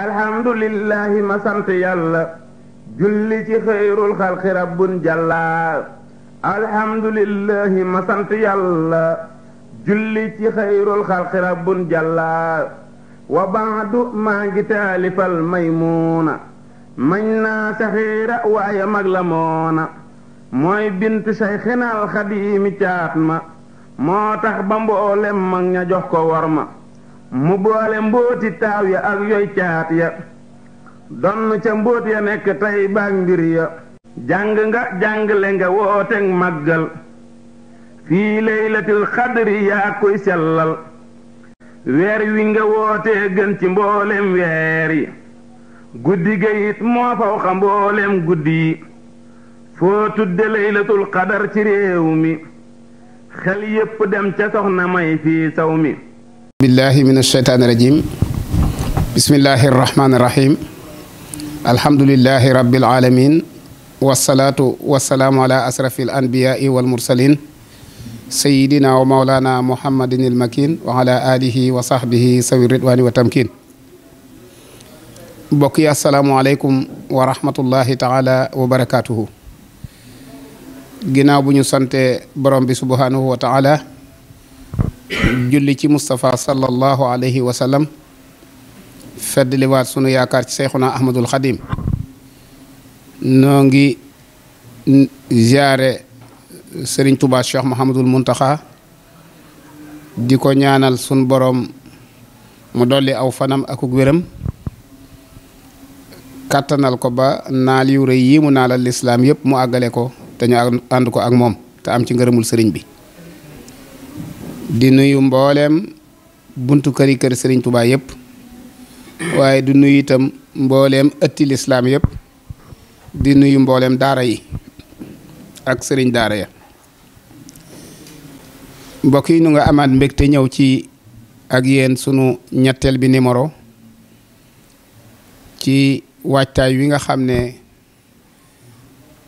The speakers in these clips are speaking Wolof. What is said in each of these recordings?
alhamdulillahi masant yàlla julli ci xëyrul xalqi rabbun jàlla alhamdulillahi ma yàlla julli ci xëyrul xalqi rabbun jàlla wa baadu maa ngi taalifal maymuuna mañ saxiira waaye mag la moona mooy bint sayxinal xadiimi caat ma moo tax ba mboolem mag ña jox ko war ma mu boole mbóoti taaw ya ak yoy caat ya donn ca mbóot ya nekk tey baag mbir ya jàng nga jàngle nga wooteeg màggal fii laylatil xadri yaa koy sellal weer wi nga wootee gën ci mboolem weer yi guddi ga it moo faw xa mboolem guddi yi foo tudde laylatul xadar ci réew mi xel yépp dem ca soxna may fii saw mi billahi min asheytaani rajim bismillahi arrahmani irrahim alhamdulilahi rabbil alamin wasalaatu wasalaamu ala asrafi al anbiyaai wal mursalin sayidina wa maulana muhammadin il makin wa ala alihi wa sahbihi sawi ridwani wa tamkin mbokk yi asalaamualeykum wa rahmatullahi taala wa barakatuhu ginnaaw bu ñu sante borom bi subhanahu wa taala julli ci Moustapha sallallahu alayhi wa sallam feddliwaat sunu yaakaar ci Seyxuna Ahmadul Xadim noo ngi ziare Serigne Touba Cheikh Mouhamadul Muntaxa di ko ñaanal sunu boroom mu dolli aw fanam akuk wéram kàttanal ko ba naal yu rëy yi mu naalal lislaam yëpp mu àggale ko te ñu ànd ko ak moom te am ci ngërëmul sëriñ bi di nuyu mbooleem buntu këri kër sëriñ Touba yëpp waaye di nuyu itam mbooleem ëtti lislaam yëpp di nuyu mbooleem daara yi ak sëriñ daara ya mbokk yi nu nga amaat mbégte ñëw ci ak yéen sunu ñetteel bi numéro ci waajtaay wi nga xam ne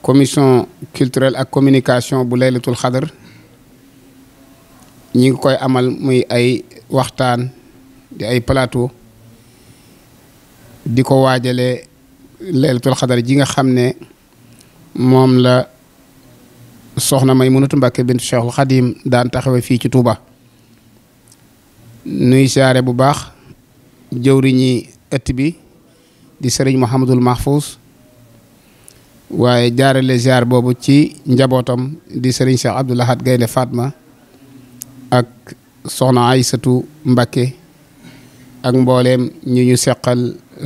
commission culturel ak communication bu laylatul xadar ñi ngi koy amal muy ay waxtaan di ay plateau di ko waajalee leelatul xadar ji nga xam ne moom la soxna may mënatu Mbàkke bintu Cheikhul Xadim daan taxawe fii ci Touba nuy siyaare bu baax jëwriñi ëtt bi di sëriñ Mouhamadul Mahfouz waaye jaarale ziar boobu ci njabootam di sëriñ Cheikh Abdoul Ahad Gaynde faatma ak soxna Aysatu Mbakke ak mbooleem ñi ñu seqal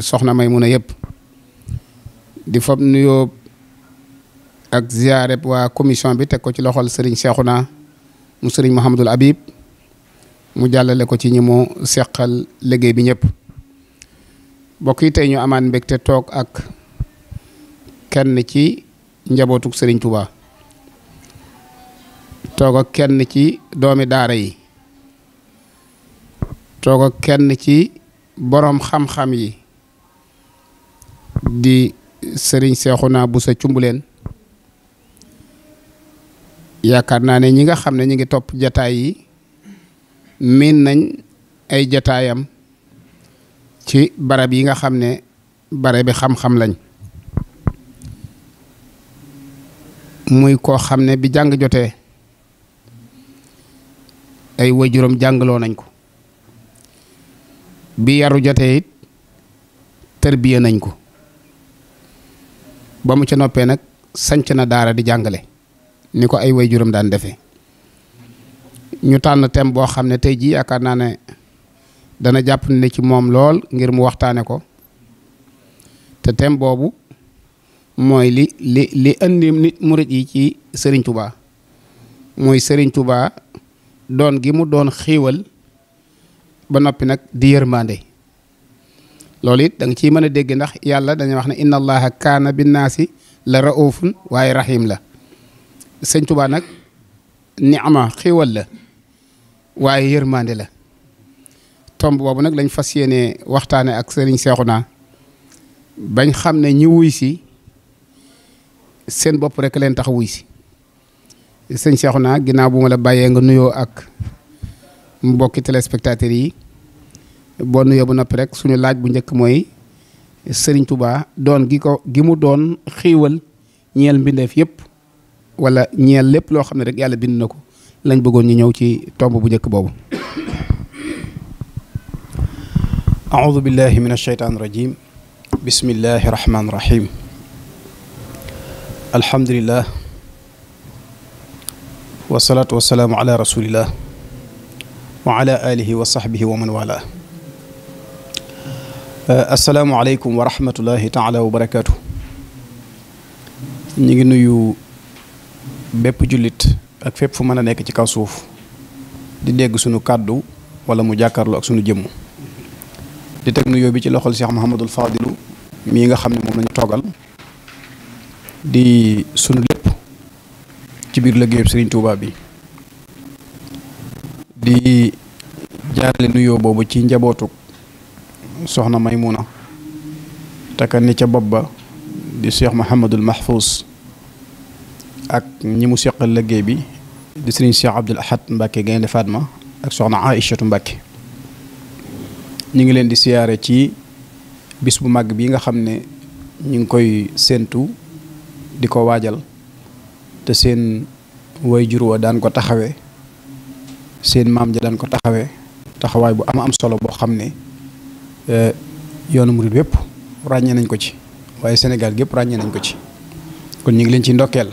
soxna mu Maymuna yëpp di fab nuyoo ak ziareb waa commission bi teg ko ci loxol sëriñ Seexuna mu sëriñ Mouhamadul Habib mu jàllale ko ci ñi mu seqal liggéey bi ñëpp mbokk yi tey ñu amaat mbégte toog ak kenn ci njabootuk sëriñ Touba. toog ak kenn ci doomi daara yi toog kenn ci boroom xam-xam yi di sëriñ seexu Seexuna Buso Cumbuleen yaakaar naa ne ñi nga xam ne ñi ngi topp jataay yi miin nañ ay jataayam ci barab yi nga xam ne barabi bi xam-xam lañ muy koo xam ne bi jàng jotee ay waajuram jàngaloo nañ ko bi yaru jotee it tërbiya nañ ko ba mu ca noppee nag sanc na daara di jàngale ni ko ay waajuram daan defe ñu tànn thème boo xam ne tey jii yaakaar naa ne dana jàpp ne ci moom lool ngir mu waxtaane ko te thème boobu mooy li li li indi nit murit yi ci Serigne Touba mooy Serigne Touba doon gi mu doon xiiwal ba noppi nag di yërmande loolu it danga nga ciy mën a dégg ndax yàlla dañuy wax ne inna allaha kaana binnaasi la raufun waaye rahim la sëñ Tuubaa nag ni'ma xiiwal la waaye yërmande la tomb boobu nag lañ fas yéene waxtaane ak sëriñ naa bañ xam ne ñi wuy si seen bopp rek leen tax wuy si sëñ Cheikhouna ginnaaw bu ma la bàyyee nga nuyoo ak mbokki téléspectateurs yi boo nuyoo bu noppi rek suñu laaj bu njëkk mooy sëriñ Touba doon gi ko gi mu doon xiiwal ñeel mbindeef yëpp wala ñeel lépp loo xam ne rek yàlla bind na ko lañ bëggoon ñu ñëw ci tomb bu njëkk boobu aoudu billahi min alsheytaan rajim bismillahi wasalaatu wasalaamu ala rasulillah wa ala alihi wa sahbihi wa man wala uh, asalaamualeykum wa rahmatullahi taala wa barakaatu ñu ngi nuyu bépp jullit ak fépp fu mën a nekk ci kaw suuf di dégg sunu kàddu wala mu jàkkaarloo ak sunu jëmm di teg nuyoo bi ci loxol Cheikh Mouhamadul Fadilu mii nga xam ne moom lañu toogal di sunu ci biir liggéeyub Serigne Touba bi di jaarale nuyoo boobu ci njabootu soxna Maymuna takka ne ca bopp ba di Cheikh Mouhamadul Mahfous ak ñi mu seqal liggéey bi di Serigne Cheikh Abdoul Ahad Mbacke Gaynde Fatma ak soxna Aïchatu Mbacke ñu ngi leen di siyaare ci bis bu mag bi nga xam ne ñu ngi koy séentu di ko waajal. te seen waajur wa daan ko taxawee seen maam ja daan ko taxawee taxawaay bu ama am solo boo xam ne eh, yoonu murid yépp ràññee nañ ko ci waaye senegal gépp ràññee nañ ko ci kon ñu ngi leen ci ndokkeel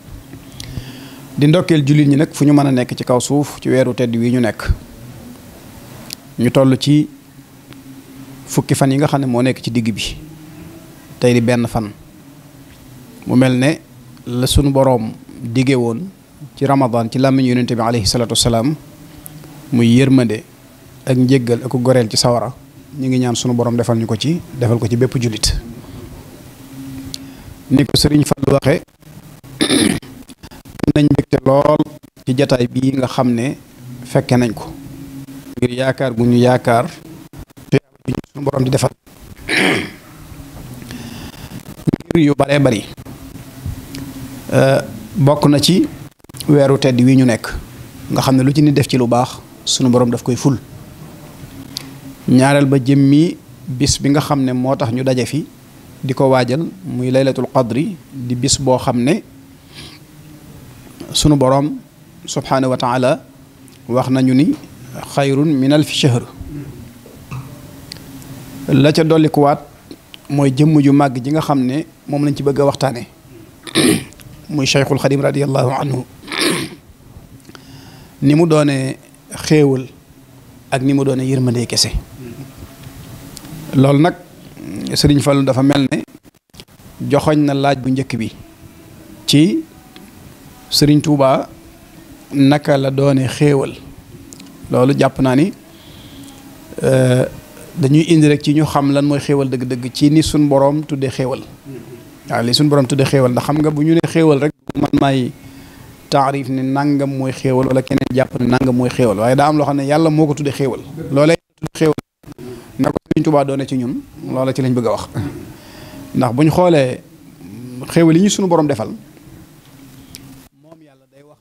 di ndokkeel jullit ñi nag fu ñu mën a nekk ci kaw suuf ci weeru tedd wi ñu nekk ñu toll ci fukki fan yi nga xam ne moo nekk ci digg bi tey di benn fan mu mel ne la sunu boroom dige woon ci ramadan ci làmmiñ yonente bi aleyhi salaatu wasalaam muy yërmande ak njéggal ak goreel ci sawara ñu ngi ñaan sunu boroom defal ñu ko ci defal ko ci bépp jullit ni ko sëriñ Fallu waxe nañ mbégte lool ci jataay bii nga xam ne fekke nañ ko ngir yaakaar gu ñu yaakaar sunu borom di defal ngir yu bare bari Euh, bokk na ci weeru tedd wii ñu nekk nga xam ne lu ci nit def ci lu baax sunu borom daf koy ful ñaareel ba jëmmi bis bi nga xam ne moo tax ñu daje fi di ko waajal muy laylatul di bis boo xam ne sunu borom subhaanahu wa taala wax nañu ni xayrun min alfi la ca dollikuwaat mooy jëmm ju màgg ji nga xam ne moom lañ ci bëgg a waxtaane muy cheikhul xadim radiallahu anhu ni mu doone xéewal ak ni mu doone yërmande kese loolu nag sëriñ Fallu dafa mel ne joxoñ na laaj bu njëkk bi ci sëriñ Tuubaa naka la doone xéewal loolu jàpp naa ni euh, dañuy indi rek ci ñu xam lan mooy xéewal dëgg-dëgg ci ni suñ boroom tuddee xéewal waaw li suñu borom tudde xéewal ndax xam nga bu ñu ne xéewal rek man maay taarif ne nangam mooy xéewal wala keneen jàpp ne mooy xéewal waaye daa am loo xam ne yàlla moo ko tudde xéewal loolee tudde xéewal na ko Sëriñ Tuubaa doone ci ñun loola ci lañ bëgg a wax ndax buñ xoolee xéewal ñu suñu borom defal moom yàlla day wax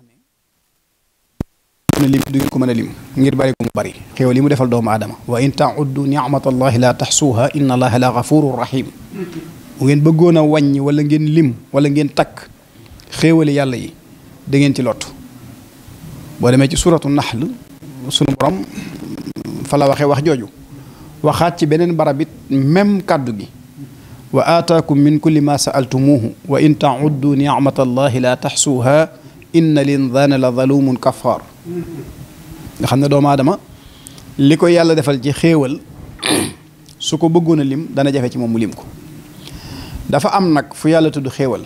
ne lim du ngeen ko mën a lim ngir bari ko mu bari xéewal yi mu defal doomu aadama wa in tauddu nicmatallahi la taxsuuha inna allaha la gafuurun rahim bu ngeen bëggoon a wàññi wala ngeen lim wala ngeen takk xéewali yàlla yi dangeen ci lott boo demee ci suratu naxl sunu borom fa la waxee wax jooju waxaat ci beneen barabit it même kàddu gi wa aataakum min kulli ma saaltumuuhu wa in tauddu nicmat allahi la taxsuuha inna lindaana la zalumun kafaar nga xam ne doomu aadama li ko yàlla defal ci xéewal su ko bëggoon a lim dana jafe ci moom mu lim ko dafa am nag fu yàlla tudd xéewal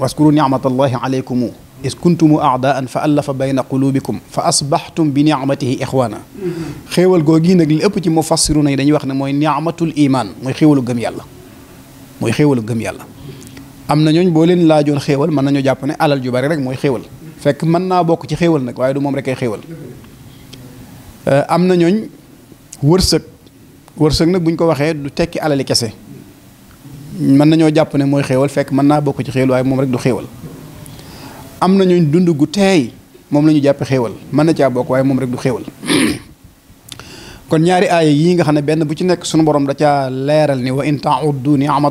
waskuru nicmatallahi aleykumu is kuntumu aadaan fa allafa bayna qulubikum fa asbaxtum bi nicmatihi ixwaana xéewal googi nag li ëpp ci mufassiruna yi dañuy wax ne mooy nicmatul iman mooy xéewalu gëm yàlla mooy xéewalu gëm yàlla am na ñooñ boo leen laajoon xéewal mën nañoo jàpp ne alal ju bari rek mooy xéewal fekk mën naa bokk ci xewal nag waaye du moom rek ay xéewal am na ñooñ wërsëg wërsëg nag bu ñu ko waxee du tekki alali kese mën nañoo jàpp ne mooy xéewal fekk mën naa bokk ci xéewal waaye moom rek du xéewal am nañu dund gu teey moom la ñu jàppe xéewal mën na caa bokk waaye moom rek du xéewal kon ñaari aaya yii nga xam ne benn bu ci nekk sunu borom da caa leeral ni wa in tauddu laa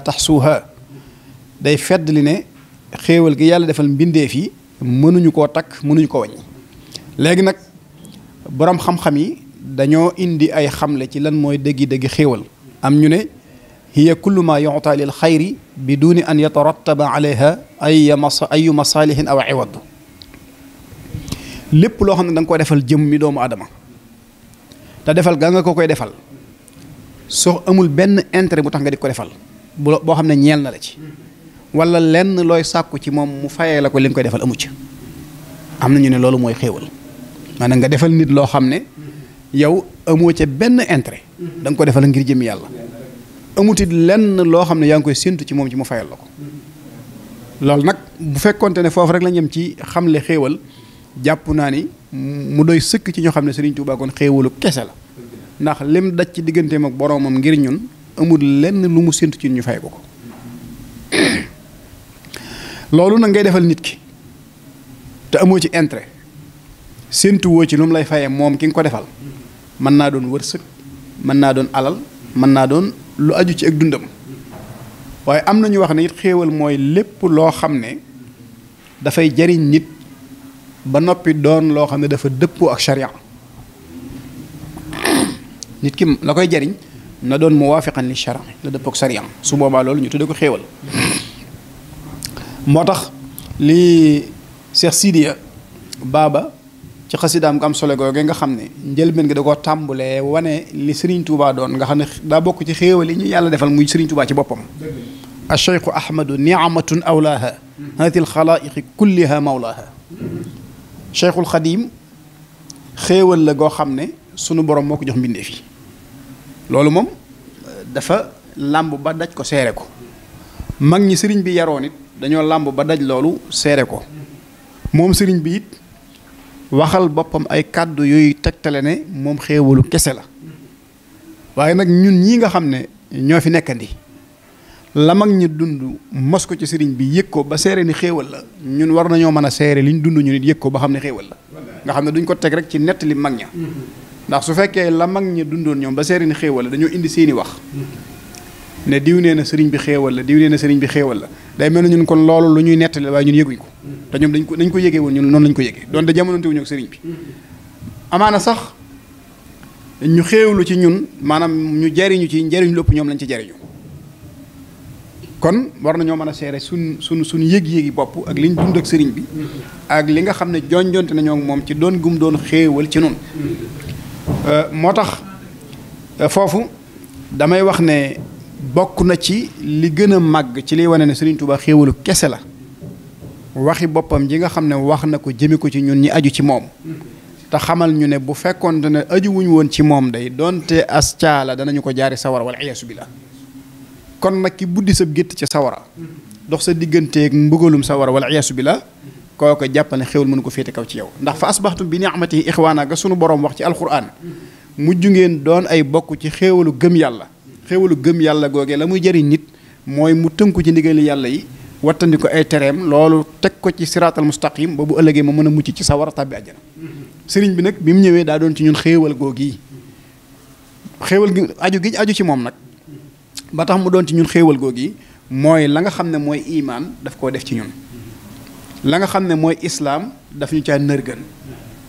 tax taxsuuha day fedd li ne xéewal gi yàlla defal mbindeef yi mënuñu koo takk mënuñu ko wañ léegi nag boroom xam-xam yi dañoo indi ay xamle ci lan mooy dëggi dëggi xéewal am ñu ne hiya kullu ma yuta lil xayri bi duni an yatarattaba alayha ay masa ayu masalihin aw iwad lépp loo xam ne da nga ko defal jëm mi doomu aadama te defal ga nga ko koy defal soo amul benn intérêt bu tax nga di ko defal boo xam ne ñeel na la ci wala lenn looy sàkku ci moom mu fayee la ko li koy defal amu ci am na ñu ne loolu mooy xéewal maanaam nga defal nit loo xam ne yow amoo ca benn intérêt danga ko defal ngir jëm yàlla amutit lenn loo xam ne yaa ngi koy séntu ci moom ci mu fayal la ko loolu nag bu fekkonte ne foofu rek la ñem ci xamle xéewal jàpp naa ni mu doy sëkk ci ñoo xam ne Serigne Touba kon xéewalu kese la ndax lim daj ci digganteem ak boroomam ngir ñun amul lenn lu mu séntu ci ñu fay ko ko loolu nag ngay defal nit ki te amoo ci intérêt séntu woo ci lu mu lay fayee moom ki nga ko defal mën naa doon wërsëg mën naa doon alal. mën naa doon lu aju ci ak dundam waaye am na ñu wax ne it xéewal mooy lépp loo xam ne dafay jariñ nit ba noppi doon loo xam ne dafa dëppoo ak sharia nit ki la koy jariñ na doon muwaafiqan li sharia la dëppoo ak sharia su boobaa loolu ñu tudde ko xeewal moo tax li Cheikh Sidiya baaba ci xasidaam nga am solo googe nga xam ne njëlbeen gi da koo tàmbulee wane li sëriñ Touba doon nga xam ne daa bokk ci xéewal yi ñu yàlla defal muy Serigne Touba ci boppam a cheikhu ahmadu niamatun awlaaha hatil xalaayiqi kulliha mawlaaha cheikhul xadim xéewal la goo xam ne sunu borom moo ko jox mbindee fi loolu moom dafa làmb ba daj ko seere ko mag ñi sëriñ bi yaroon it dañoo làmb ba daj loolu seere ko moom sëriñ bi it waxal boppam ay kàddu yooyu tegtale ne moom xéewalu kese la waaye nag ñun ñi nga xam ne ñoo fi nekkandi la mag ñi dund mos ko ci sëriñ bi yëg ko ba seere ni xéewal la ñun war nañoo mën a seere li ñu dund ñu nit yëg ko ba xam ne xéewal la nga xam ne duñ ko teg rek ci nett li mag ña ndax su fekkee la mag ñi dundoon ñoom ba seere ni xéewal la dañoo indi seeni wax ne diw nee na sëriñ bi xéewal la diw nee na sëriñ bi xéewal la day mel ne ñun kon loolu lu ñuy nettali waaye ñun yëguñ ko te ñoom dañ ko dañ ko yëgee woon ñun noonu lañ ko yëgee doon te jamononte wuñu ak sëriñ bi amaana sax ñu xéewlu ci ñun maanaam ñu jariñu ci njariñu lépp ñoom lañu ci jariñu kon war nañoo mën a seere suñ suñ suñ yëg-yëgi bopp ak li ñu dund ak sëriñ bi ak li nga xam ne jonjonte nañoo moom ci doon gum doon xéewal ci noonu euh, moo tax euh, foofu damay wax ne bokk na ci li gën a màgg ci liy wane ne Serigne Touba xéewalu kese la waxi boppam ji nga xam ne wax na ko jëme ko ci ñun ñi aju ci moom te xamal ñu ne bu fekkoon ne aju wuñ woon ci moom day donte as caala danañu ko jaari sawara wala iyaasu billah kon nag ki buddi sab gétt ci sawara dox sa digganteeg mbugalum sawara wala iyaasu billah kooko jàpp ne xéwal mënu ko féete kaw ci yow ndax fa asbaxtum bi ni'matihi ixwaana ga sunu boroom wax ci alquran mujj ngeen doon ay bokk ci xéewalu gëm yàlla xéwalu gëm yàlla googee la muy jariñ nit mooy mu tënku ci ndigali yàlla yi wattandi ay tereem loolu teg ko ci siraatal mustaqim ba bu ëllëgee ma mën a mucc ci sawara tàbbi àjjana sëriñ bi nag bi mu ñëwee daa doon ci ñun xéewal googi xéewal gi aju gi aju ci moom nag ba tax mu doon ci ñun xéewal googi mooy la nga xam ne mooy imaan daf koo def ci ñun la nga xam ne mooy islaam daf ñu caa nërgën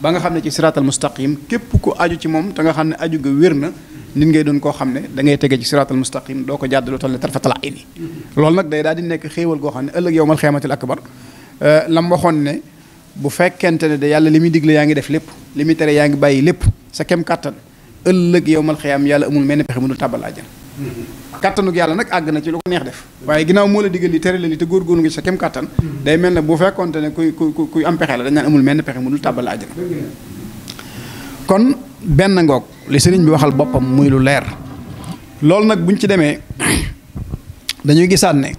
ba nga xam ne ci siraatal mustaqim képp ko aju ci moom te nga xam ne aju ga wér na nit ngay doon koo xam ne da ngay tege ci siraatal mustaqim doo ko jàdd lu toll ne tarfatal ayni loolu nag day daal di nekk xéewal goo xam ne ëllëg yowmal xiyaamatil akbar euh, lam waxoon ne bu fekkente ne de yàlla li muy digle yaa ngi def lépp li muy tere yaa ngi bàyyi lépp sa kem kàttan ëllëg yowmal xiyaam yàlla amul mel ne pexe mu dul tàbbal àjjana kàttanuk yàlla nag àgg na ci lu neex def waaye ginnaaw moo la diggal li tere la li te góorgóorlu nga sa kem kàttan day mel ne bu fekkonte ne kuy kuy kuy am pexe la dañ amul mel ne pexe mu dul kon benn ngoog li sëriñ bi waxal boppam muy lu leer loolu nag buñ ci demee dañuy gisaat ne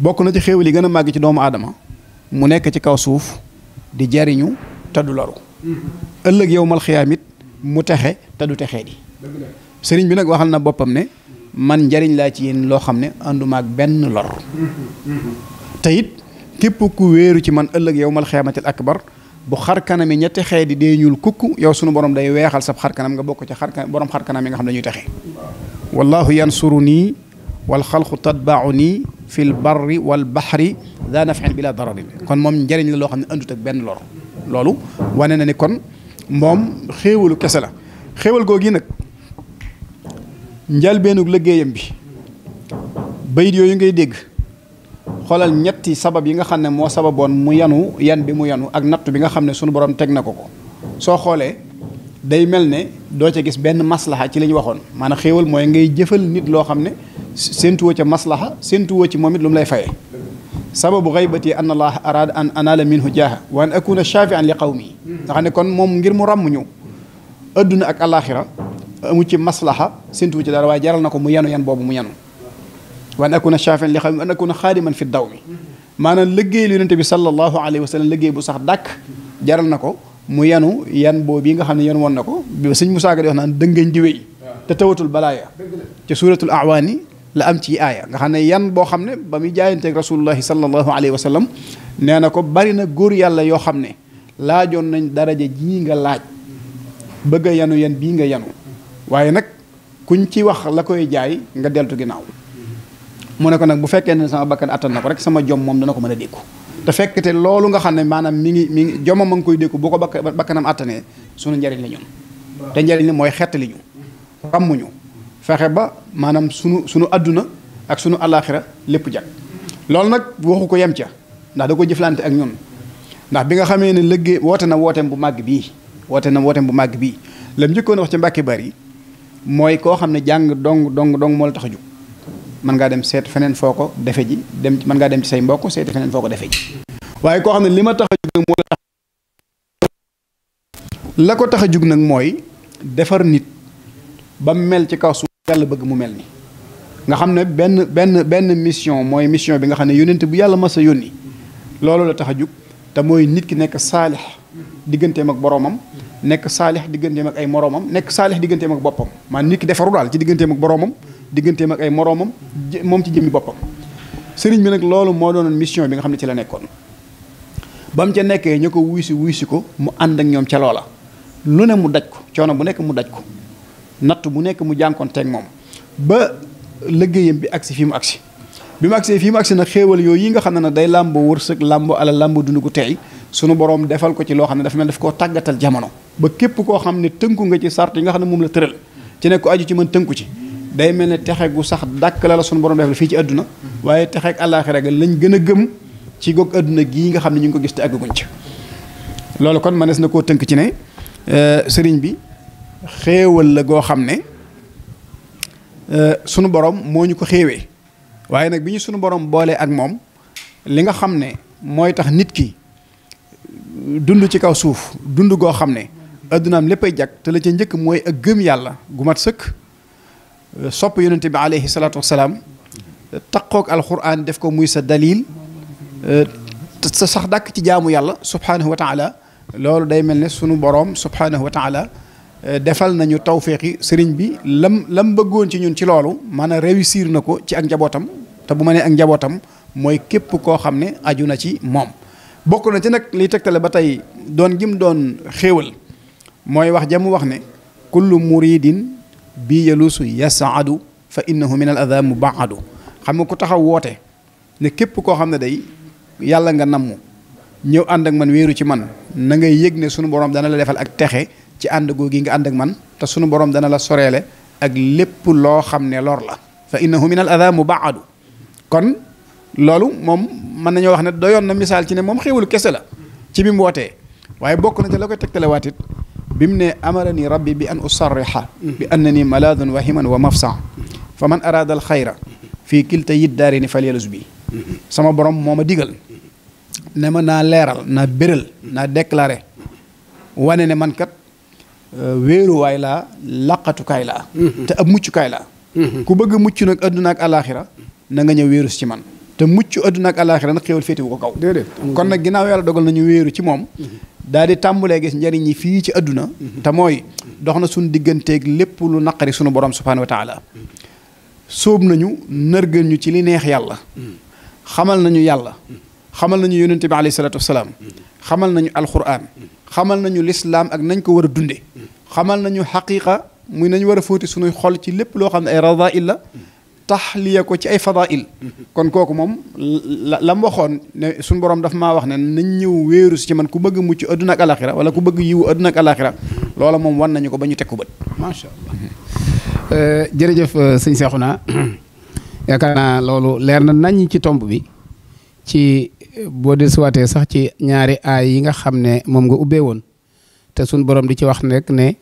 bokk na ci xéewal li gën a màgg ci doomu aadama mu nekk ci kaw suuf di jariñu te du loru ëllëg yow mal it mu texe te du texee di sëriñ bi nag waxal na boppam ne man njariñ laa ci yéen loo xam ne ànduma benn lor te it képp ku wéeru ci man ëllëg yow mal xiyaamatil akbar bu xarkanam yi ñetti xeet yi dee ñuul kukk yow sunu borom day weexal sab xarkanam nga bokk ci xarkan borom xarkanam yi nga xam dañuy texe wallahu yansuru nii wal xalqu tatbaau nii fil barri wal baxri daa nafin bila dararin kon moom njëriñ la loo xam ne andut benn lor loolu wane na ni kon moom xéewalu kese la xéewal googi nag njalbeenug liggéeyam bi bayit yooyu ngay dégg xoolal ñetti sabab yi nga xam ne moo sababoon mu yanu yan bi mu yanu ak natt bi nga xam ne sunu borom teg na ko ko soo xoolee day mel ne doo ca gis benn maslaha ci li ñu waxoon maanaam xéewal mooy ngay jëfal nit loo xam ne séentuwoo ca maslaha séentuwoo ci moom it lu mu lay fayee sababu xaybati an allah araada an anaala minhu jaaha wa an akuna shafian li qawmi nga ne kon moom ngir mu ràmm ñu adduna ak alaxira amu ci maslaha séentuwu ci dara waaye jaral na ko mu yanu yan boobu mu yanu wa an akuna shafian li xam wa an akuna xaadiman fi daw mi maanaam liggéey lu yonente bi sallallahu alayhi wa sallam liggéey bu sax dàkk jaral na ko mu yanu yan boobu yi nga xam ne yan woon na ko bi sëñ Musaa Ka di wax naan dëngañ di wéy te tawatul balaaya ci la am ci aaya nga xam ne yan boo xam ne ba muy jaayanteeg rasulullahi sallallahu alay wa sallam nee na ko bari na góor yàlla yoo xam ne laajoon nañ daraja jii nga laaj bëgg a yanu yan bii nga yanu waaye nag kuñ ci wax la koy jaay nga deltu ginnaaw mu ne ko nag bu fekkee ne sama bakkan attan na ko rek sama jom moom dana ko mën a dékku te fekk te loolu nga xam ne maanaam mi ngi mi ngi jomam ma ngi koy dékku bu ko bakk bakkanam attanee sunu njariñ la ñun te njariñ li mooy xettali ñu ràmmuñu fexe ba maanaam sunu sunu àdduna ak sunu alaxira lépp jag loolu nag waxu ko yem ca ndax da ko jëflante ak ñun ndax bi nga xamee ne liggéey woote na wooteem bu màgg bii woote na wooteem bu màgg bii lam njëkkoon wax ci Mbàkke Bari mooy koo xam ne jàng dong dong dong moo tax a jóg mën ngaa dem seet feneen foo ko defe ji dem mën ngaa dem ci say mbokk seet feneen foo ko defe ji waaye koo xam ne li ma tax a jug nag moo la ko tax a jug nag mooy defar nit ba mel ci kaw suuf yàlla bëgg mu mel ni nga xam ne benn benn benn mission mooy mission bi nga xam ne yónnent bu yàlla mas a yónni loolu la tax a jug te mooy nit ki nekk saalix digganteem ak boroomam nekk saalix digganteem ak ay moroomam nekk saalix digganteem ak boppam maa nit ki defaru daal ci digganteem ak boroomam digganteem ak ay moroomam moom ci jëmmi boppam sëriñ bi nag loolu moo doonoon mission bi nga xam ne ci la nekkoon ba mu ca nekkee ñu ko wuysi wuysi ko mu ànd ak ñoom ca loola lu ne mu daj ko coono bu nekk mu daj ko natt bu nekk mu jànkoonteeg moom ba liggéeyam bi agsi fi mu agsi bi mu agsee fii mu agsi nag xéewal yooyu yi nga xam ne nag day làmbo wërsëg làmbo alal làmbo dund gu teey sunu borom defal ko ci loo xam ne dafa mel daf koo tàggatal jamono ba képp koo xam ne tënku nga ci sart yi nga xam ne moom la tëral ci nekk ko aju ci mën ci day mel ne texe gu sax dàkk la la sunu borom def fii ci àdduna waaye texe àllaaxira ga lañ gën a gëm ci goog àdduna gii nga xam ne ñu ngi ko gis te àgguñ ci loolu kon mënees na koo tënk ci ne euh, sëriñ bi xéewal la goo xam ne euh, sunu borom moo ñu ko xéewee waaye nag bi ñu sunu borom boolee ak moom li nga xam ne mooy tax nit ki dund ci kaw suuf dund goo xam ne àddunaam léppay jag te la ca njëkk mooy ak gëm yàlla gu mat sëkk sopp yonente bi aleyhi salaatu wasalaam taqoog alquran def ko muy sa dalil sa sax dàkk ci jaamu yàlla subhaanahu wa taala loolu day mel ne sunu boroom subhaanahu wa taala defal nañu tawféexi sëriñ bi lam lam bëggoon ci ñun ci loolu man a réussir na ko ci ak njabootam te bu ma nee ak njabootam mooy képp koo xam ne aju na ci moom bokk na ci nag liy tegtale ba tey doon gim doon xéewal mooy wax jam wax ne kullu muridin bii yaluusu yasaadu fa innahu min al ada mubaadu xam nga ko taxaw woote ne képp koo xam ne day yàlla nga namm ñëw ànd ak man wéeru ci man na ngay yëg ne sunu borom dana la defal ak texe ci ànd googu nga ànd ak man te sunu borom dana la soreele ak lépp loo xam ne lor la fa innahu min al ada mubaadu kon loolu moom mën nañoo wax ne yoon na misaal ci ne moom xéewalu kese la ci bi mu wootee waaye bokk na ca la koy tegtalewaat it bi mu ne amarani rabbi bi an usarriha bi annani maladun wahiman wa mafsa fa man araada al xayra fii kilta yit daari ni falyalus bi sama borom moo ma digal ne ma naa leeral naa béral naa déclaré wane ne man kat wéeruwaay laa laqatukaay laa te ab muccukaay laa ku bëgg mucc nag àdduna ak alaaxira na nga ñëw wéerus ci man te mucc àdduna ak àllaaxira nag xéewal féetewu ko kaw kon nag ginnaaw yàlla dogal nañu wéeru ci moom mhm. daal di tàmbulee gis njëriñ yi fii ci àdduna mhm. te mooy dox na suñu digganteeg lépp lu naqari suñu borom subhaanahu wa taala mhm. sóob nañu nërgën ñu ci li neex yàlla xamal nañu yàlla xamal nañu yonente bi alayhi salaatu xamal nañu alquran xamal nañu lislaam ak nañ ko war a dunde xamal nañu xaqiqa muy nañ war a fóoti suñuy xol ci lépp loo xam ne ay radail la taxliya ko ci ay fadail kon kooku moom la mu waxoon ne suñu borom daf maa wax ne nañ ñëw wéeru si ci man ku bëgg mucc adduna ak alaxira wala ku bëgg yiwu adduna ak alaxira loola moom wan nañu ko ba ñu teg ko bët macha eh, jërëjëf eh, sëñ Seexuna yaakaar naa loolu leer na nañ ci tomb bi ci eh, boo desuwaatee sax ci ñaari aay yi nga xam ne moom nga ubbee woon te suñ borom di ci wax rek ne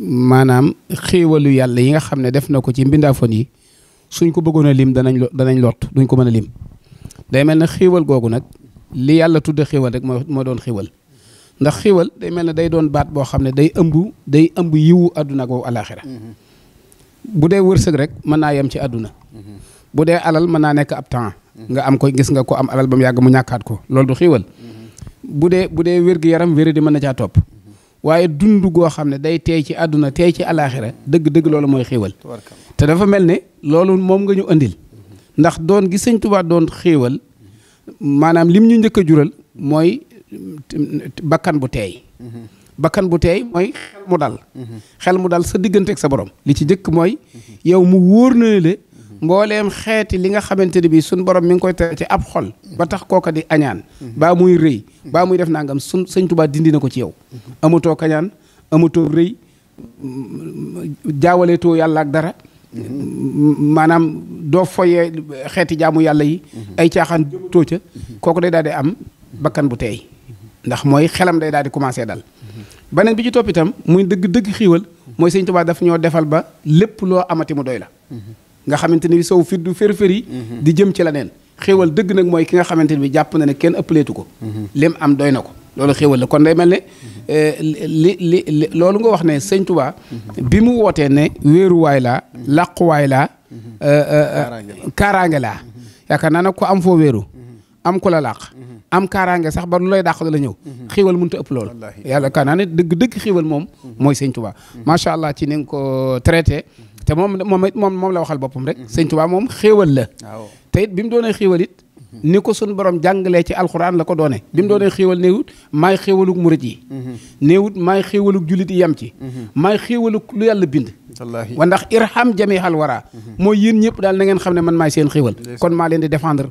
maanaam xéewalu yàlla yi nga xam ne def na ko ci mbindaafoon yi. suñ ko bëggoon lim danañ danañ lot duñ ko mën a lim day mel ne xiiwal googu nag li yàlla tudde xiiwal rek moo moo doon xiiwal ndax xiiwal day mel ne day doon baat boo xam ne day ëmb day ëmb yiwu àdduna ak alaaxira mm-hmm. bu dee wërsëg rek mën naa yem ci àdduna mm-hmm. bu dee alal mën naa nekk ab temps nga am ko gis nga ko am alal ba mu yàgg mu ñàkkaat ko loolu du xiiwal mm-hmm. bu dee bu dee wér-gi-yaram wéri di mën na caa topp waaye dund goo xam ne day teey ci àdduna teey ci alaaxira dëgg-dëgg loolu mooy xéewal te dafa mel ne loolu moom nga ñu andil ndax doon gi sëñ doon xéewal maanaam lim ñu njëkk a jural mooy bakkan bu teey bakkan bu teey mooy xel mu dal uhuh. xel mu dal sa digganteeg sa borom li ci njëkk mooy yow mu wóor na le mbooleem xeeti li nga xamante ne bii suñ borom mi ngi koy tere ci ab xol ba tax kooka di añaan baa muy rëy baa muy def nangam suñ sëñ Tuubaa dindi na ko ci yow amatoo kañaan amutoo rëy jaawaleetoo yàlla ak dara maanaam doo foyee xeeti jaamu yàlla yi ay caaxaan jëmatoo ca kooku day daal di am bakkan bu teey ndax mooy xelam day daal di commencé dal beneen bi ci toppitam muy dëgg dëgg xiiwal mooy sëñ Tuubaa daf ñoo defal ba lépp loo amati mu doy la nga xamante ni sow fit du fër-fër mhm. di jëm ci la neen xéewal dëgg nag mooy ki nga xamante ni bi jàpp na ne kenn ëppaleetu ko mhm. lim am doy na ko loolu xéewal la kon day mel ne mhm. eh, li nga wax ne sëñ bi mu wootee ne wéeruwaay laa làquwaay eh, eh, laa kaaraange laa yaakaar naa nag am foo wéeru am la làq am sax ba lu dàq la ñëw xiiwal mënut a ëpp lool yàlla kaa naa ne dëgg dëgg xiiwal moom mooy sëñ Touba macha allah ci ni ko traité te moom moom moom moom la waxal boppam rek mhm. sëñ Tuubaa moom xéewal la te it bi mu doonee xéewal it mhm. ni ko sun borom jàngalee ci alxuraan la ko doone bi mu mhm. doonee xéewal néewut maay xéewalug murit yi néewut maay xéewalug jullit yi yam ci maay xéewalug lu yàlla bind wa ndax irham xal wara mooy yéen ñëpp daal na ngeen xam ne man maay seen xéewal kon maa leen di defendre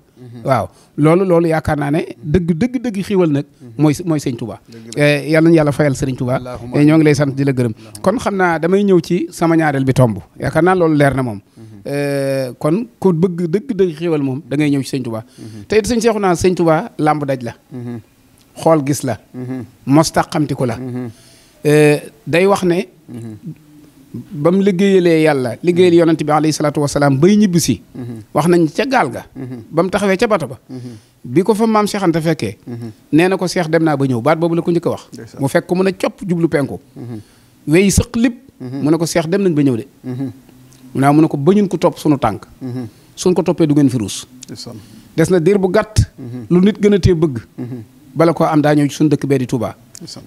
waaw loolu loolu yaakaar naa ne dëgg dëgg dëgg xiiwal nag mooy mooy sëñ Touba eh, yal nañu yàlla fayal sëriñ Touba eh, ñoo ngi lay sant di la gërëm kon xam naa damay ñëw ci sama ñaareel bi tomb yaakaar naa loolu leer na moom mhm. eh, kon ku bëgg dëgg dëgg xiiwal moom da ngay ñëw ci sëñ Touba mhm. te it sëñ Seexuna sëñ Touba làmb daj la mhm. xool gis la mos taxamtiku la day wax ne ba mu liggéeyalee yàlla liggéeyal mm-hmm. yonent bi alayhi salaatu wasalaam bay ñibbi si mm-hmm. wax nañ ca gaal ga mm-hmm. ba mu taxawee ca bato ba bi ko fa maam Cheikh Anta fekkee nee na ko seex dem naa ba ñëw baat boobu la ko njëkk a wax mu fekk ko mën a copp jublu penku wey sëq lépp mu ne ko seex dem nañ ba ñëw de mu ah, mu ne ko bañun ko topp sunu tànk suñ ko toppee du ngeen fi ruus des na diir bu gàtt lu nit gën a tee bëgg bala ko am daa ñëw suñu dëkk bee di Touba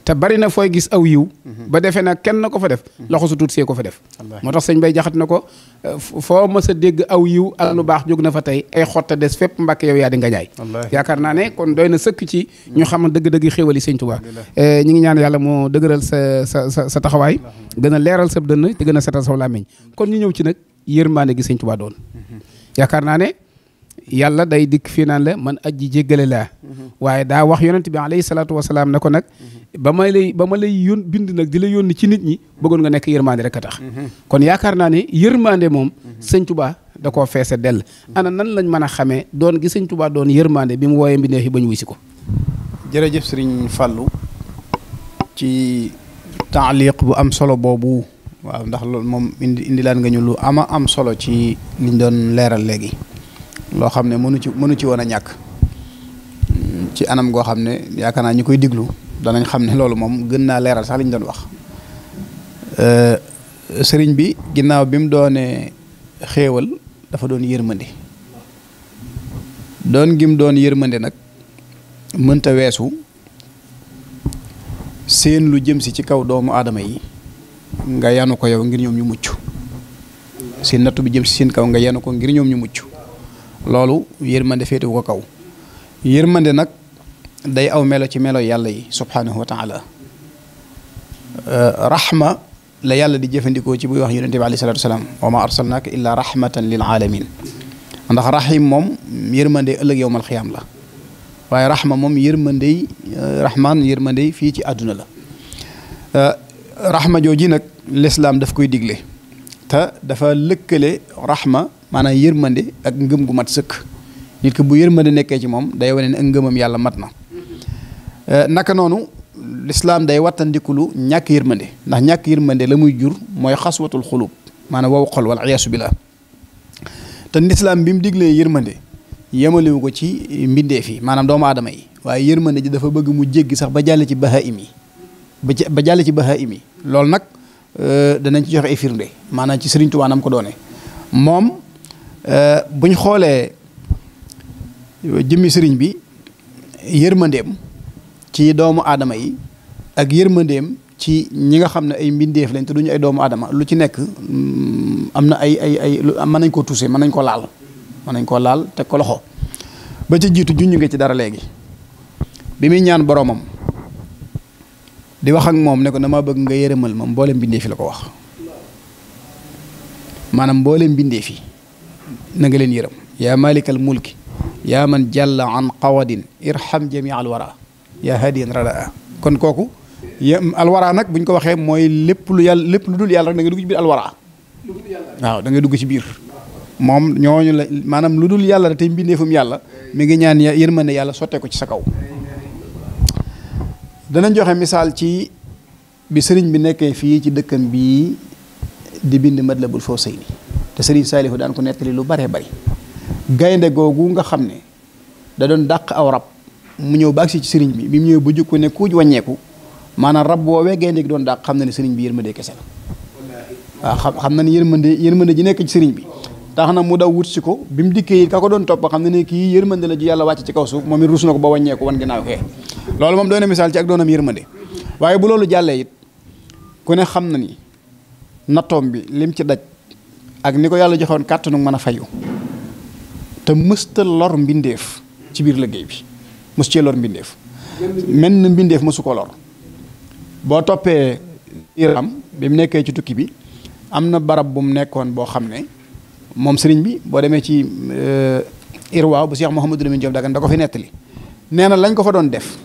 te bari na fooy gis aw yiw mhm. ba defe na kenn na ko fa def mhm. loxo su tuut see ko fa def moo tax sëñ bay jaxat na ko euh, foo mës a dégg aw yiw ak lu baax jóg na fa tey ay xotta des fépp mbàkke yow yaa di nga jaay yaakaar naa ne kon doy na sëkk ci mhm. ñu xam dëgg-dëgg xéewali sëñ Tuubaa euh, ñi ngi ñaan yàlla moo dëgëral sa sa sa taxawaay gën a leeral sa dënn te gën a setal saw làmmiñ kon ñu ñëw ci nag yërmaane gi sëñ Tuubaa doon yaakaar naa ne yàlla day dikk fii naan la man aji jéggale laa mhm. waaye daa wax yonent bi alayhi salaatu wasalaam ne ko nag mhm. ba ma lay ba ma lay yón bind nag di la yónni ci nit ñi bëggoon nga nekk yërmande rek a tax mhm. kon yaakaar naa ne yërmande moom sëñ Tuubaa da koo feese dell ana nan lañ mën a xamee doon gi sëñ tubaa doon yërmande bi mu wooyee mbindeef yi ba ñu wuy si ko jërëjëf sëriñ Fallou ci taaliq bu am solo boobu waaw ndax loolu moom indi indilaan nga ñu lu ama am solo ci liñ doon leeral léegi loo xam ne mënu ci mënu ci woon a ñàkk ci anam goo xam ne yaakaar naa ñi koy diglu danañ xam ne loolu moom gën naa leeral sax li doon wax euh, sëriñ bi ginnaaw bi mu doonee xéewal dafa doon yërmande doon ngim doon yërmande nag mënta weesu seen lu jëm si ci kaw doomu aadama yi nga yanu ko yow ngir ñoom ñu mucc seen nattu bi jëm si seen kaw nga yanu ko ngir ñoom ñu mucc loolu yërmande féetewu ko kaw yërmande nag day aw melo ci melo yàlla yi subhanahu wa taala euh, rahma la yàlla di jëfandikoo ci buy wax yonente bi alayhi salatu wasalaam illa rahmatan lil alamin ndax rahim moom yërmande ëllëg yowmal xiyaam la waaye rahma moom yërmandey euh, rahman yërmandey fii ci àdduna la euh, rahma jooji nag lislaam daf koy digle te dafa lëkkale rahma maanaam yërmande ak ngëm gu mat sëkk nit ki bu yërmande nekkee ci moom day wane ne ak ngëmam yàlla mat na eh, naka noonu lislaam day wattandikulu ñàkk yërmande ndax ñàkk yërmande la muy jur mooy xaswatul xulub maanaam wow xol wala iyaasu billah te lislaam bi mu diglee yërmande yemalewu ko ci mbindee fii maanaam doomu aadama yi waaye yërmande ji dafa bëgg mu jéggi sax ba jàll ci bahaim yi ba ba jàll ci bahaim yi loolu nag eh, danañ ci joxe ay firnde maanaam ci Sëriñ Tuubaa nam ko doone Euh, bu ñu xoolee euh, jëmmi sëriñ bi yërmandeem ci doomu aadama yi ak yërmandeem ci ñi nga xam ne ay mbindeef lañ te duñu ay doomu aadama lu ci nekk mm, am na ay ay ay man nañ koo touché mën nañ ko laal mën nañ koo laal te ko loxo ba ca jiitu junj nga ci dara léegi bi muy ñaan boromam di wax ak moom ne ko dama bëgg nga yërëmal ma mboolem mbindeef yi la ko wax maanaam mboolem mbindeef yi na leen yërëm yaa malikal mulki yaa man jàlla an qawadin irham jamia alwara yaa hadiyan radaa kon kooku ya alwara nag bu ñu ko waxee mooy lépp lu yàlla lépp lu dul yàlla rek da nga dugg ci biir alwara waaw da dugg ci biir moom ñooñu la maanaam lu dul yàlla te mbindeefum yàlla mi ngi ñaan yërmande yàlla sottee ko ci sa kaw danañ joxe misaal ci bi sëriñ bi nekkee fii ci dëkkam bii di bind Matlabul Fawzayni te Serigne Saalihu daan ko nettali lu baree bari gaynde googu nga xam ne da doon dàq aw rab mu ñëw ba agsi ci sëriñ bi bi mu ñëw bu jukko ne kuuj wàññeeku maanaam rab woowee gaynde ki doon dàq xam na ne sëriñ bi yërmande kese la waaw xam xam na ne yërmande yërmande ji nekk ci sëriñ bi tax na mu daw wut si ko bi mu dikkee it ko doon topp xam ne ne kii yërmande la ji yàlla wàcc ci kaw suuf moom it rus na ko ba wàññeeku wan ginnaaw kee loolu moom doy na misaal ci ak doonam yërmande waaye bu loolu jàllee it ku ne xam na ni nattoom bi lim ci daj ak ni ko yàlla joxoon kàttanu mën a fayu te mësta lor mbindeef ci biir liggéey bi mës cee lor mbindeef mel na mbindeef mësu ko lor boo toppee iram bi mu nekkee ci tukki bi am na barab bu mu nekkoon boo xam ne moom sëriñ bi boo demee ci euh, irwaaw bu Cheikh Mouhamadou Lamine Diop Dagana da ko fi nettali nee na lañ ko fa doon def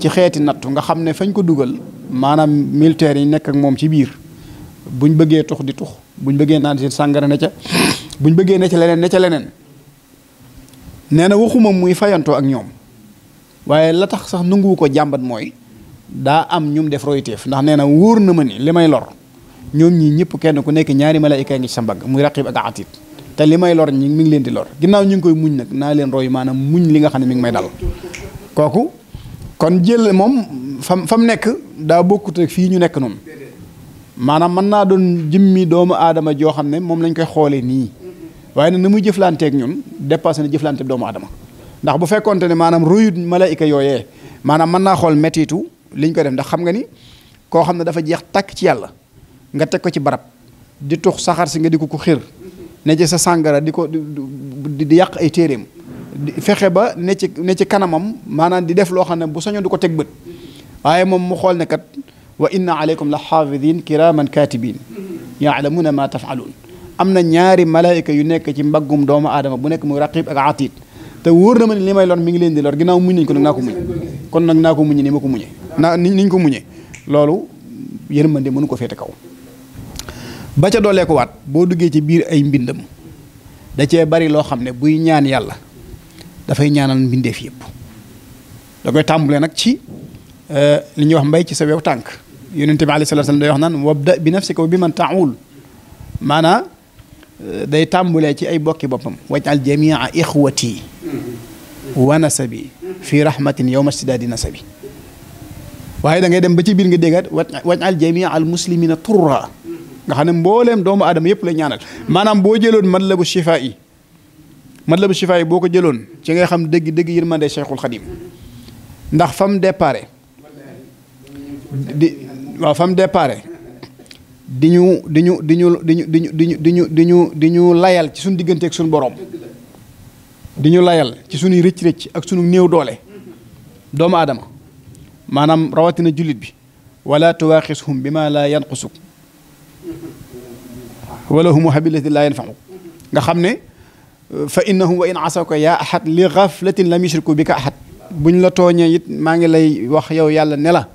ci xeeti nattu nga xam ne fañ ko dugal maanaam militaire yi nekk ak moom ci biir buñ bëggee tux di tux buñ bëggee naan seen sàngara ne ca buñ bëggee ne leneen ne ca leneen nee na waxuma muy fayantoo ak ñoom waaye la tax sax nanguwu ko jàmbat mooy daa am ñum def royteef ndax nee na wóor na ma ni li may lor ñoom ñii ñëpp kenn ku nekk ñaari malaayika ngi ci sa mbagg muy raqib ak atid te li may lor ñi mi ngi leen di lor ginnaaw ñu ngi koy muñ nag naa leen roy maanaam muñ li nga xam ne mi ngi may dal kooku kon jël moom fam fam nekk daa bokkut fii ñu nekk noonu maanaam mën naa doon jëmmi doomu aadama joo xam ne moom lañ koy xoolee nii waaye nag ni muy jëflanteeg ñun dépassé na jëflante doomu aadama ndax bu fekkonte ne maanaam ruyu malaayika yooyee maanaam mën naa xool mettitu liñ ko def ndax xam nga ni koo xam ne dafa jeex tàkk ci yàlla nga teg ko ci barab di tux saxaar si nga di ko ko xir ne ci sa sàngara di ko di yàq ay téeréem fexe ba ne ci ne ci kanamam maanaam di def loo xam ne bu sañoon du ko teg bët waaye moom mu xool ne kat wa inna aleykum la xaafidin kiraman katibin yaalamuna ma tafaaluun am na ñaari malaayika yu nekk ci mbaggum doomu aadama bu nekk muy raqib ak atiid te wóor na ma ne li may lor mi ngi leen di lor ginnaaw muñ nañ ko nag naa ko muñ kon nag naa ko muñe ni ma ko muñe naa ni ñu ko muñe loolu yërmande mënu ko féete kaw ba ca doolee ko waat boo duggee ci biir ay mbindam da cee bari loo xam ne buy ñaan yàlla dafay ñaanal mbindeef yëpp da koy nag ci euh, li ñuy wax mbay ci sa wew tànk yonent bi alayhi salaatu wa salaam day wax naan wabda bi nafsika wa bi man taawul maanaa eh, day tàmbulee ci ay bokki boppam wajal jamia ixwati wa nasabi fi rahmatin yowma stidaadi nasabi waaye da ngay dem ba ci biir nga déggaat wajal jamia al muslimina turra nga xam ne mbooleem doomu aadama yëpp la ñaanal maanaam boo jëloon matlabu shifaa yi matlabu shifaa yi boo ko jëloon ci ngay xam dëgg dëgg yërmande Cheikhul Xadim ndax fam départ di waaw fa mu déparé di ñu di ñu di ñu di ñu di ñu di ñu di ñu di ñu layal ci suñu diggante suñu borom di ñu layal ci suñuy rëcc-rëcc ak suñu néew doole doomu aadama maanaam rawatina jullit bi wala tuwaaxishum bi ma laa yanqusuk wala humu habilati laa yanfaxu nga xam ne fa innahum wa in asawka yaa ahad li gaflatin lam yushriku bika ahad buñ la tooñee it maa ngi lay wax yow yàlla nela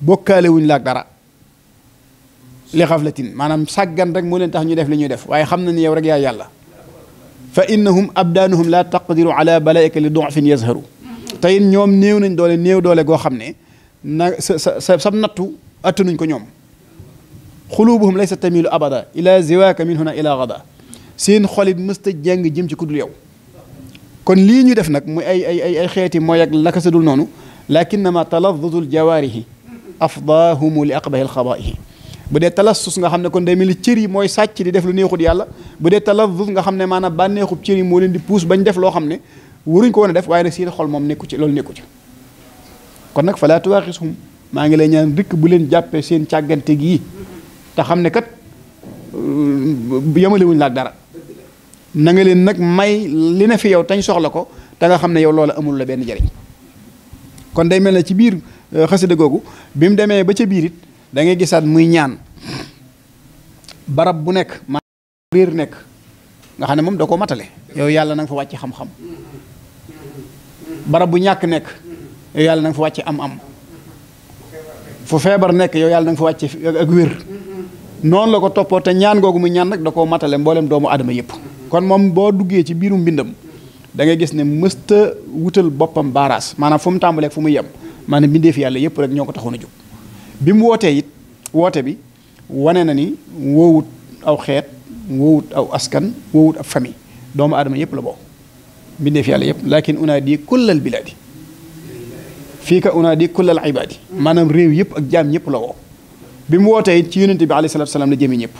bokkaale wuñ la ak dara li xaflatin maanaam sàggan rek moo leen tax ñu def li ñuy def waaye xam na ni yow rek yaay yàlla fa innahum abdaanuhum la taqdiru ala balaika li dofin yazharu te it ñoom néew nañ doole néew doole goo xam ne na sa sa sam nattu attanuñ ko ñoom xulubuhum laysa tamilu abada ila ziwaaka min huna ila gada seen xolit mësta jàng jëm ci ku yow kon lii ñuy def nag muy ay ay ay xeeti mooy ak laka sadul noonu lakinnama taladutu ljawaarihi afdahumu li aqbahi alxabaa'ihi bu dee talassus nga xam ne kon day mel ni cër yi mooy sàcc di def lu neexut yàlla bu dee talazzuz nga xam ne maanaam bànneexub cër moo leen di puus bañ def loo xam ne waruñ ko woon a def waaye nag seen xol moom nekku ci loolu nekku ci kon nag falaa tuwaaxishum maa ngi lay ñaan rikk bu leen jàppee seen càggante gi te xam ne kat yemalewuñ laak dara nanga leen nag may li na fi yow tañ soxla ko te nga xam ne yow loola amul la benn jariñ day mel ne ci biir Euh, xasida googu bi mu demee ba ca biir it dangay gisaat muy ñaan barab bu nekk ma réer nekk nga xam ne moom da ko matale yow yàlla na nga fa wàcc xam barab bu ñàkk nekk yàlla na nga wàcc am-am fu feebar nekk yow yàlla na nga fa wàcc ak wér noonu la ko toppoo te ñaan googu mu ñaan nag da koo matale mboolem doomu aadama yëpp kon moom boo duggee ci biiru mbindam da ngay gis ne mësta wutal boppam baaraas maanaam fu mu tàmbalee fu mu yem maanaam bindee fi yàlla yëpp rek ñoo ko taxoon a jóg bi mu wootee it woote bi wane na ni woowut aw xeet woowut aw askan woowut ab famille doomu adama yëpp la bokk bindee fi yàlla yëpp lakin unaadi kullal bilaadi fii ka unaadi kullal ibaadi maanaam réew yëpp ak jaam ñëpp la woo bi mu wootee it ci yonente bi alayhi salaatu salaam la jëmi ñëpp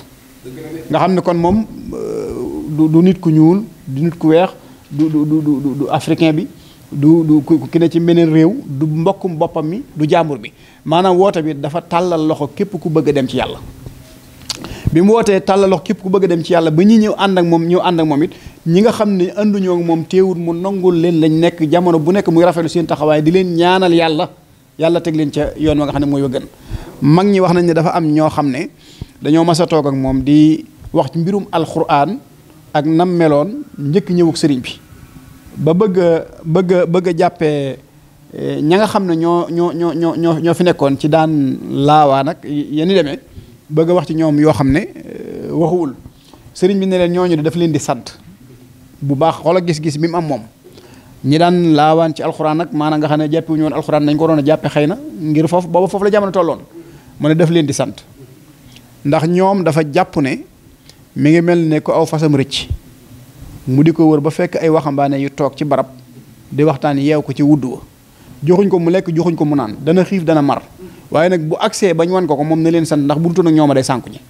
nga xam ne kon moom euh, du nit ku ñuul du nit ku weex du du du du africain bi du du ki ne ci meneen réew du mbokkum boppam mi du jàmbur bi maanaam woote bi dafa tàllal loxo képp ku bëgg a dem ci yàlla bi mu wootee képp ku bëgg dem ci yàlla ba ñi ñëw ànd ak moom ñëw ànd ak moom it ñi nga xam ne ànduñoo moom teewul mu nangul leen lañ nekk jamono bu nekk muy rafetlu seen taxawaay di leen ñaanal yàlla yàlla teg leen ca yoon wa nga xam ne mooy wa mag ñi wax nañ ne dafa am ñoo xam ne dañoo mas a toog ak moom di wax ci mbirum alquran ak nam meloon njëkk ñëwuk sëriñ bi ba bëgg a bëgg a bëgg a eh, ña nga xam ne ñoo ñoo ñoo ñoo ñoo ñoo fi nekkoon ci daan laawaa nag yéen demee bëgg a wax ci ñoom yoo xam ne eh, waxuwul sëriñ bi ne ñoo ñooñu de daf leen di sant bu baax xoola gis-gis bi mu am moom. ñi daan laawaan ci alxuraan nag maanaa nga xam ne jàppiwuñu woon alxuraan nañ ko doon a jàppe xëy na ngir foof booba foofu la jamono tolloon mu ne leen di sant ndax ñoom dafa jàpp ne mu ngi mel ne ko aw fasam rëcc. mu di ko wër ba fekk ay waxambaane yu toog ci barab di waxtaan yeew ko ci wudd wa joxuñ ko mu lekk joxuñ ko mu naan dana xiif dana mar waaye nag bu agsee bañ wan ko ko moom ne leen sant ndax bu dutoon ak ñoom a day sànku ñi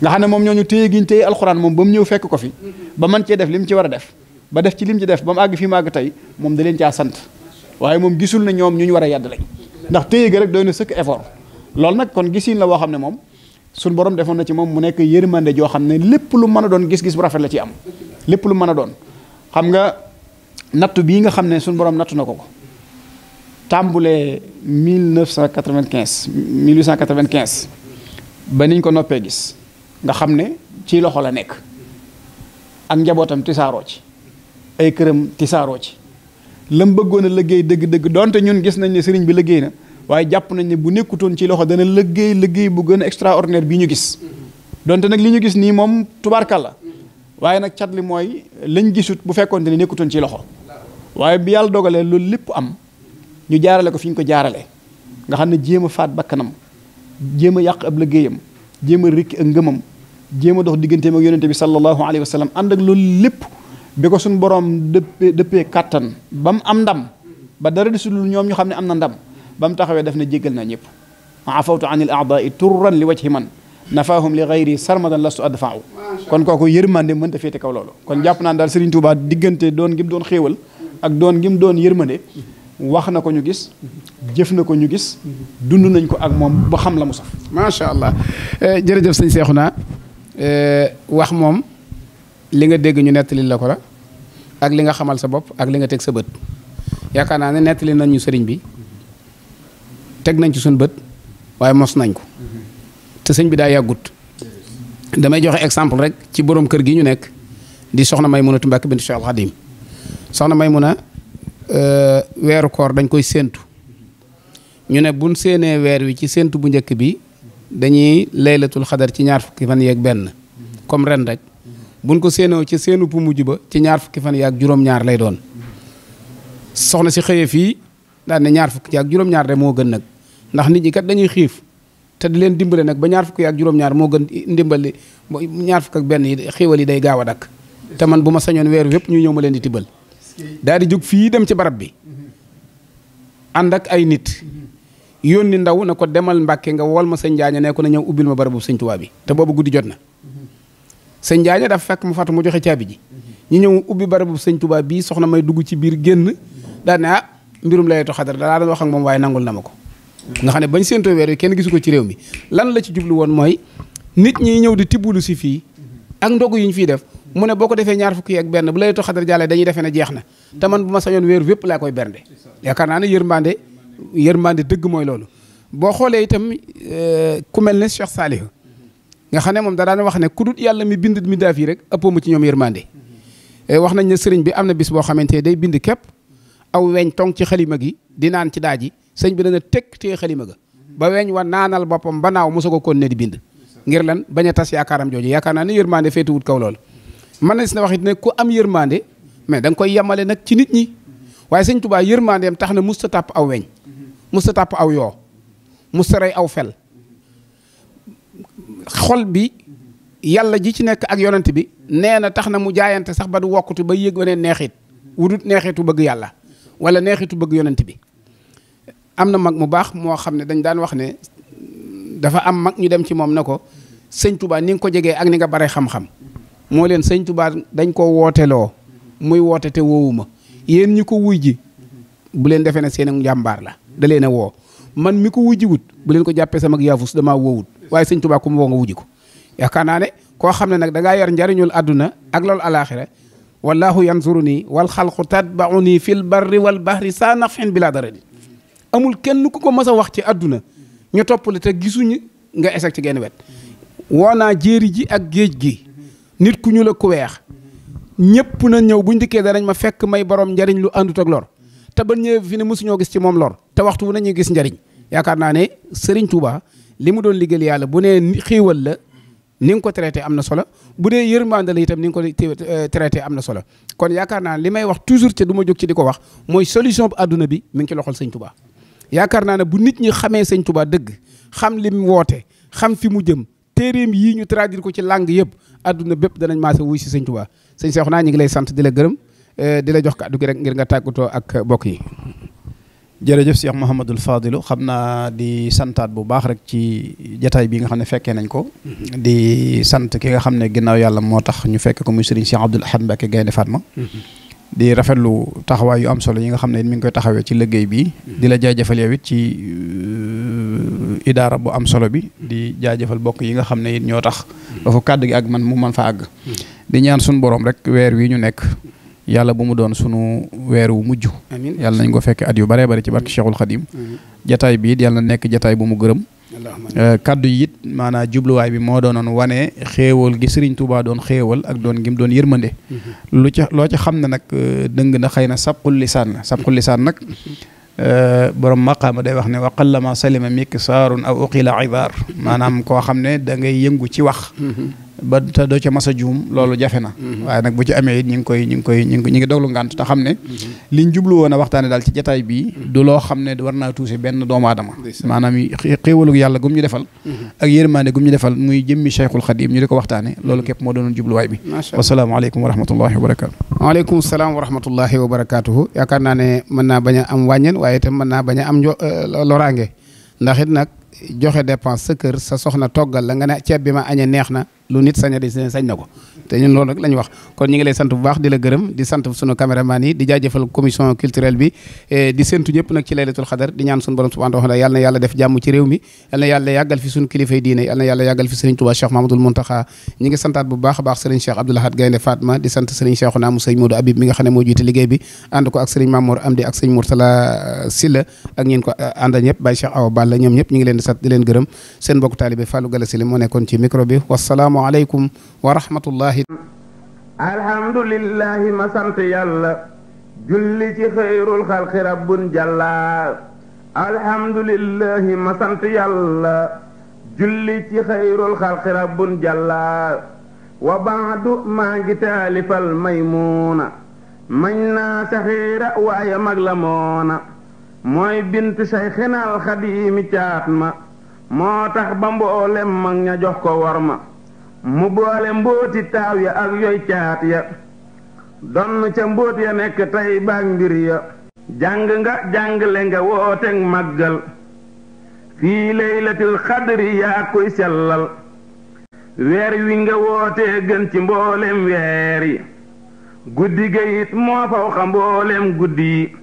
nga xam ne moom ñooñu téye giñ alxuraan moom ba mu ñëw fekk ko fi ba cee def li mu ci war a def ba def ci lim ci def ba mu àgg fi mu tey moom da leen caa sant waaye moom gisul na ñoom ñu ñu war a yàdd lañ ndax téye ga rek doy na sëkk effort loolu nag kon gisin la woo xam ne moom suñu borom defoon na ci moom mu nekk yërmande joo xam ne lépp lu mën a doon gis-gis bu rafet la ci am lépp lu mën a doon xam nga nattu bii nga xam ne suñ borom nattu na ko ko tàmbulee 1995 quinze ba niñ ko noppee gis nga xam ne ci loxo la nekk ak njabootam tisaaroo ci ay këram tisaaroo ci lam bëggoon a liggéey dëgg-dëgg donte ñun gis nañ ne sëriñ bi liggéey na waaye jàpp nañ ne bu nekkutoon ci loxo dana liggéey liggéey bu gën a extraordinaire bii ñu gis donte nag li ñu gis nii moom tubaarkal la waaye nag cat li mooy lañ gisut bu fekkoonte ne nekkutoon ci loxo waaye bi yàlla dogalee loolu lépp am ñu jaarale ko fi ñu ko jaarale nga xam ne jéem a faat bakkanam jéem a yàq ab liggéeyam jéem a rikki ak ngëmam jéem a dox digganteem ak yonente bi sallallahu alayhi wa sallam ànd ak loolu lépp bi ko suñ boroom dëppee dëppee kàttan ba am ndam ba dara desul ñoom ñu xam ne am na ndam ba taxawee def na jéggal naa ñëpp afawtu an il aadai turran li wajhi man nafaahum li gayri sarmadan lastu adfaaw kon kooku yërmande mënta féete kaw loolu kon jàpp naan daal Serigne Touba diggante doon gim doon xéewal ak doon gim doon yërmande wax na ko ñu gis jëf na ñu gis dund nañ ko ak moom ba xam la mu saf macha allah eh, jërëjëf sëñ Seexuna eh, wax moom li nga dégg ñu nettali la ko la ak li nga xamal sa bopp ak li nga teg sa bët yaakaar naa ne nettali nañ ñu sëriñ bi teg nañ ci suñ bët waaye mos nañ ko te sëñ bi daa yàggut damay joxe exemple rek ci borom kër gi ñu nekk di soxna may Maymunatu Mbàkke bint Cheikh Al Xadim soxna Maymuna euh, weeru koor dañ koy séentu ñu ne buñ séenee weer wi ci séentu bu njëkk bi dañuy laylatul xadar ci ñaar fukki fan yeeg benn comme ren rek buñ ko séenoo ci séenu bu mujj ba ci ñaar fukki fan yaag juróom-ñaar lay doon soxna si xëye fii daal ne ñaar fukki yaag juróom-ñaar de moo gën nag ndax nit ñi kat dañuy xiif te di leen dimbale nag ba ñaar fukk yi ak juróom-ñaar moo gën ndimbali ñaar fukk ak benn yi xiiwal yi day gaaw a dakk te man bu ma sañoon weer wépp ñu ñëw ma leen di tibbal daal di jóg fii dem ci barab bi ànd ak ay nit yónni ndaw na ko demal Mbàkke nga wol ma sëñ Njaaña ne ko na ñëw ubbil ma barabu sëñ Tuubaa bi te boobu guddi jot na sëñ Njaaña dafa fekk mu fàttu mu joxe caabi ji ñu ñëw ubbi barabu sëñ Tuubaa bii soxna may dugg ci biir génn daal ne ah mbirum Laylatul Qadr dalaa doon wax ak moom waaye nangul na ma ko nga xam ne bañ séentoo weer wi kenn gisu ko ci réew mi lan la ci jublu woon mooy nit ñi ñëw di tibbulu si fii ak ndogu yi ñu fiy def mu ne boo ko defee ñaar fukki ak benn bu lay to xadar jàllee dañuy defee ne jeex na te man bu ma sañoon weer wépp laa koy bernde yaakaar naa ne yërmande yërmande dëgg mooy loolu boo xoolee itam euh, ku mel ne Cheikh Saliou nga xam ne moom da daan wax ne ku dut yàlla mi bind mi daaf yi rek ëppoo ma ci ñoom yërmande euh, wax nañ ne sëriñ bi am na bis boo xamante day bind képp aw weñ ci xalima gi di naan ci daaji sëñ bi na dana tekk téye xalima ga ba weñ wa naanal boppam ba naaw mosu ko kon ne di bind ngir lan bañ tas yaakaaram jooju yaakaar naa ne yërmande féetuwut kaw lool mën na si na wax it ne ku am yërmande mais danga koy yemale nag ci nit ñi waaye sëñ tubaa yërmandeem tax na musta tàpp aw weñ musta tàpp aw yoo musta rey aw fel xol bi yàlla ji ci nekk ak yonent bi nee na tax na mu jaayante sax ba du wokkutu ba yëg waneen neexit wudut neexitu bëgg yàlla wala neexitu bëgg yonent bi am na mag mu baax moo xam ne dañ daan wax ne dafa am mag ñu dem ci moom na ko sëñ tubaa ni nga ko jegee ak ni nga bare xam-xam moo leen sëñ tubaa dañ ko wooteloo muy woote te woowuma yéen ñu ko wuy ji bu leen defe na seen ak njàmbaar la da leen a woo man mi ko wujji wut bu leen ko jàppee sama yaafus damaa woowut waaye sëñ tubaa ku mu woo nga wujji ko yaakaar naa ne koo xam ne nag dangaa ngaa yar njariñul àdduna ak loolu alaaxira wallahu yanzuru nii wal xalqu tatbauni fil barri wal bahri saa nafin bila darari amul kenn ku ko mas a wax ci àdduna ñu toppale te gisuñu nga esek ci genn wet woo naa jéeri ji ak géej gi nit ku ñu la ku weex ñëpp na ñëw buñ dikkee danañ ma fekk may borom njariñ lu àndut ak lor te ba ñëwee fi ne mosuñoo gis ci moom lor te waxtu wu nañuy gis njariñ yaakaar naa ne Serigne Touba li mu doon liggéeyal yàlla bu nee xiiwal la ni nga ko traité am na solo bu dee yërmande la itam ni nga ko euh, traité am na solo kon yaakaar naa li may wax toujours te du ma jóg ci di ko wax mooy solution bu àdduna bi mi ngi ci loxol Serigne yaakaar naa ne bu nit ñi xamee sëñ Touba dëgg xam lim woote xam fi mu jëm téeréem yii ñu traduire ko ci langue yëpp adduna bépp danañ maase wuy si sëñ Touba sëñ naa ñu ngi lay sant di la gërëm eh, di la jox kàddu gi rek ngir nga tàggatoo ak bokk yi. jërëjëf Cheikh Mouhamadul Fadilu xam naa di santaat bu baax rek ci jataay bi nga xam ne fekkee nañ ko. di sant ki nga xam ne ginnaaw yàlla moo tax ñu fekk ko muy Serigne Cheikh Abdoul Ahad Mbacké Gaynde Fatma. di rafetlu taxawaay yu am solo yi nga xam ne mi ngi koy taxawee ci liggéey bii di la jaajëfal yow it ci euh, idaara bu am solo bi di jaajëfal bokk yi nga xam ne it ñoo tax dafa kàdd gi ak man mu man fa àgg di ñaan suñu borom rek weer wi ñu nekk yàlla bu mu doon sunu weer wu mujj yàlla nañ ko fekk at yu bare bari ci barke Cheikhul Khadim jataay bi it yàlla nekk jataay ba mu gërëm Euh, kaddu yi it maanaam jubluwaay bi moo doonoon wane xéewal gi Serigne Touba doon xéewal ak doon gim doon yërmande. Mhm. lu ca loo ci xam na nag euh, dëng na xëy na sabqul lisaan la sabqul lisaan nag. Euh, borom maqaama day wax ne waqalla ma salima mikisaarun aw uqila ibaar maanaam koo xam ne da yëngu ci wax. Mhm. ba te doo ca mas a juum loolu jafe na mhm. waaye nag bu ci amee it ñi ngi koy ñi ngi koy ñi ngi doglu ngànt te xam ne mhm. liñ jublu woon a waxtaane daal ci jataay bii mhm. du loo xam ne war naa tuuse benn doomu aadama maanaam xéewalug yàlla gum ñu defal ak yërmaande gum ñu defal muy jëmmi Cheikhul Khadim ñu di ko waxtaane loolu képp moo doonoon jubluwaay bi wasalaamaaleykum wa rahmatullahi wa barakaatu waaleykum salaam wa rahmatullahi wa barakaatuhu yaakaar naa ne mën naa bañ a am wàññen waaye itam mën naa bañ a am euh, loraange ndax it nag joxe dépense sa kër sa soxna toggal la nga ne ceeb bi ma añe neex na lu nit sañ a di sañ na ko te ñun loolu rek la ñu wax kon ñu ngi sant bu baax di la gërëm di sant sunu caméraman yi di jaajëfal commission culturelle bi e, di séntu ñëpp nag ci laylatul xadar di ñaan sunu borom subhanahu wa taala na yàlla def jàmm ci mi yàlla yàggal fi sunu kilifay diine yàlla yàlla yàggal fi sëriñ Tuubaa Cheikh Mamadul Muntaxa ñi ngi santaat bu baax a baax sëriñ Cheikh Abdoul Ahad Gaynde Fatma di sant sëriñ Cheikhouna mu sëriñ euh, euh, di sant seen mbokk asalaamu aleykum wa rahmatullahi alhamdulillahi ma sant yàlla julli ci xëyrul xalqi rabbun jàlla wa baadu maa taalifal maymuuna mañ saxiira waaye mag la moona mooy bint sayxinal xadiimi caat ma moo tax ba mboolem mag ña ko war ma mu boole mbóoti taaw ya ak yoy caat ya donn ca mbóot ya nekk tey baag mbir ya jàng nga jàngle nga wooteeg màggal fii laylatil xadri yaa koy sellal weer wi nga wootee gën ci mboolem weer yi guddi ga it moo faw xa mboolem guddi yi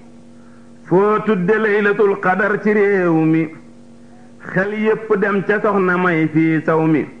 foo tudde laylatul xadar ci réew mi xel yépp dem ca soxna may fii saw mi